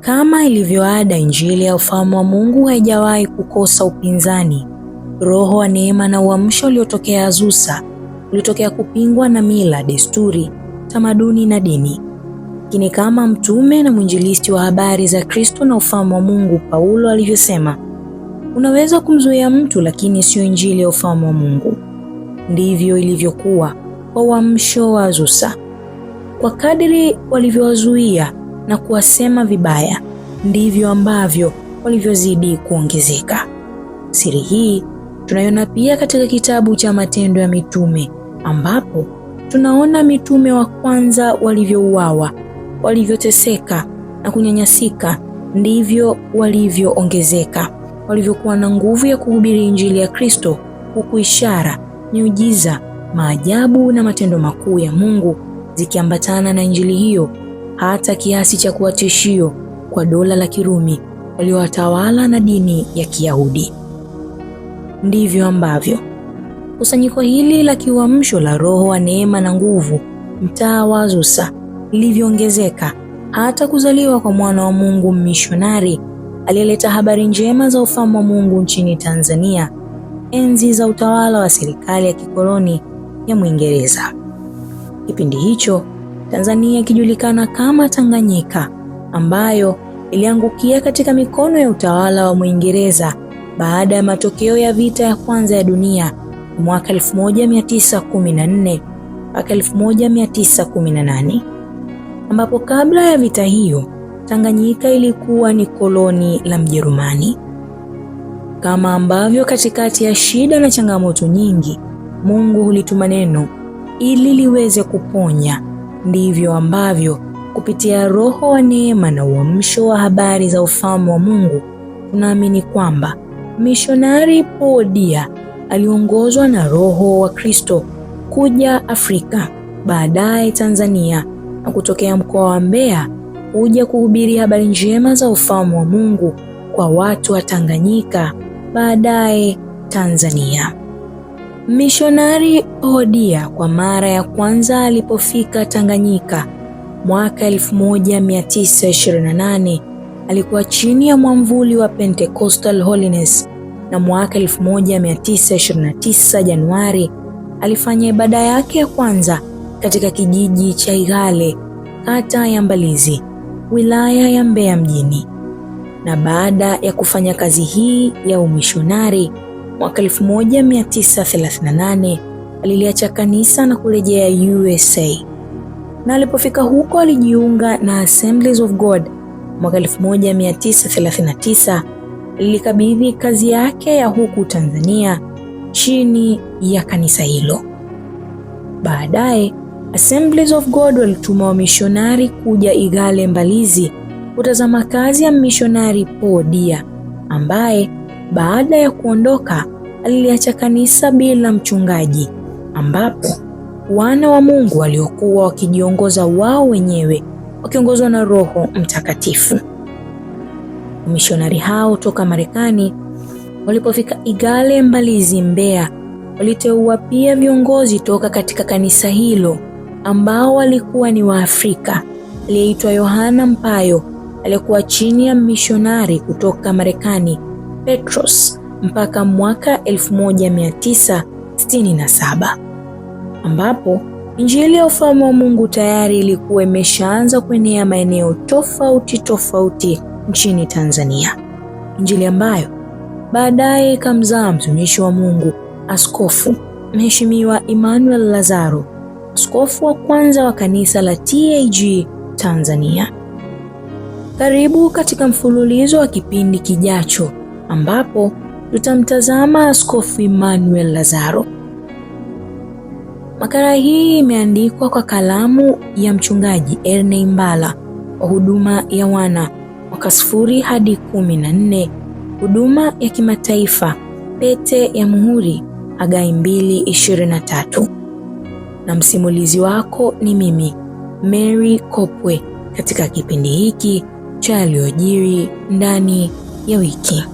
Kama ilivyoada, injili ya ufalme wa Mungu haijawahi kukosa upinzani. Roho wa neema na uamsho uliotokea Azusa ulitokea kupingwa na mila, desturi, tamaduni na dini. Lakini kama mtume na mwinjilisti wa habari za Kristo na ufalme wa Mungu Paulo alivyosema, unaweza kumzuia mtu lakini sio injili ya ufalme wa Mungu. Ndivyo ilivyokuwa kwa uamsho wa Azusa. Kwa kadiri walivyowazuia na kuwasema vibaya, ndivyo ambavyo walivyozidi kuongezeka. Siri hii tunaiona pia katika kitabu cha Matendo ya Mitume ambapo tunaona mitume wa kwanza walivyouawa, walivyoteseka na kunyanyasika, ndivyo walivyoongezeka, walivyokuwa na nguvu ya kuhubiri Injili ya Kristo, huku ishara, miujiza, maajabu na matendo makuu ya Mungu zikiambatana na Injili hiyo hata kiasi cha kuwa tishio kwa dola la Kirumi waliowatawala na dini ya Kiyahudi. Ndivyo ambavyo kusanyiko hili la kiuamsho la Roho wa neema na nguvu, mtaa wa Azusa, lilivyoongezeka hata kuzaliwa kwa mwana wa Mungu mmishonari aliyeleta habari njema za ufalme wa Mungu nchini Tanzania enzi za utawala wa serikali ya kikoloni ya Mwingereza. Kipindi hicho Tanzania ikijulikana kama Tanganyika ambayo iliangukia katika mikono ya utawala wa Mwingereza baada ya matokeo ya vita ya kwanza ya dunia mwaka 1914 mpaka 1918, ambapo kabla ya vita hiyo Tanganyika ilikuwa ni koloni la Mjerumani. Kama ambavyo katikati ya shida na changamoto nyingi Mungu hulituma neno ili liweze kuponya ndivyo ambavyo kupitia Roho wa neema na uamsho wa habari za ufalme wa Mungu tunaamini kwamba mishonari Podia aliongozwa na Roho wa Kristo kuja Afrika, baadaye Tanzania na kutokea mkoa wa Mbeya kuja kuhubiri habari njema za ufalme wa Mungu kwa watu wa Tanganyika, baadaye Tanzania. Mishonari Hodia kwa mara ya kwanza alipofika Tanganyika mwaka 1928 alikuwa chini ya mwamvuli wa Pentecostal Holiness na mwaka 1929 Januari alifanya ibada yake ya kwanza katika kijiji cha Igale, kata ya Mbalizi, wilaya ya Mbeya mjini. Na baada ya kufanya kazi hii ya umishonari Mwaka 1938 aliliacha kanisa na kurejea USA, na alipofika huko alijiunga na Assemblies of God. Mwaka 1939 lilikabidhi kazi yake ya huku Tanzania chini ya kanisa hilo. Baadaye Assemblies of God walituma wamishonari kuja Igale Mbalizi kutazama kazi ya mishonari Paul Dia ambaye baada ya kuondoka, aliliacha kanisa bila mchungaji, ambapo wana wa Mungu waliokuwa wakijiongoza wao wenyewe wakiongozwa na Roho Mtakatifu. Wamishonari hao toka Marekani walipofika Igale Mbalizi, Mbeya, waliteua pia viongozi toka katika kanisa hilo ambao walikuwa ni Waafrika, aliyeitwa Yohana Mpayo aliyekuwa chini ya mishonari kutoka Marekani Petros mpaka mwaka 1967 ambapo Injili ya ufalme wa Mungu tayari ilikuwa imeshaanza kuenea maeneo tofauti tofauti nchini Tanzania, Injili ambayo baadaye ikamzaa mtumishi wa Mungu Askofu Mheshimiwa Emmanuel Lazaro, askofu wa kwanza wa kanisa la TAG Tanzania. Karibu katika mfululizo wa kipindi kijacho ambapo tutamtazama Askofu Emmanuel Lazaro. Makala hii imeandikwa kwa kalamu ya mchungaji Erney Mbala wa huduma ya wana mwaka sifuri hadi kumi na nne, huduma ya kimataifa, pete ya muhuri, agai 2:23 na msimulizi wako ni mimi Mary Kopwe katika kipindi hiki cha yaliyojiri ndani ya wiki.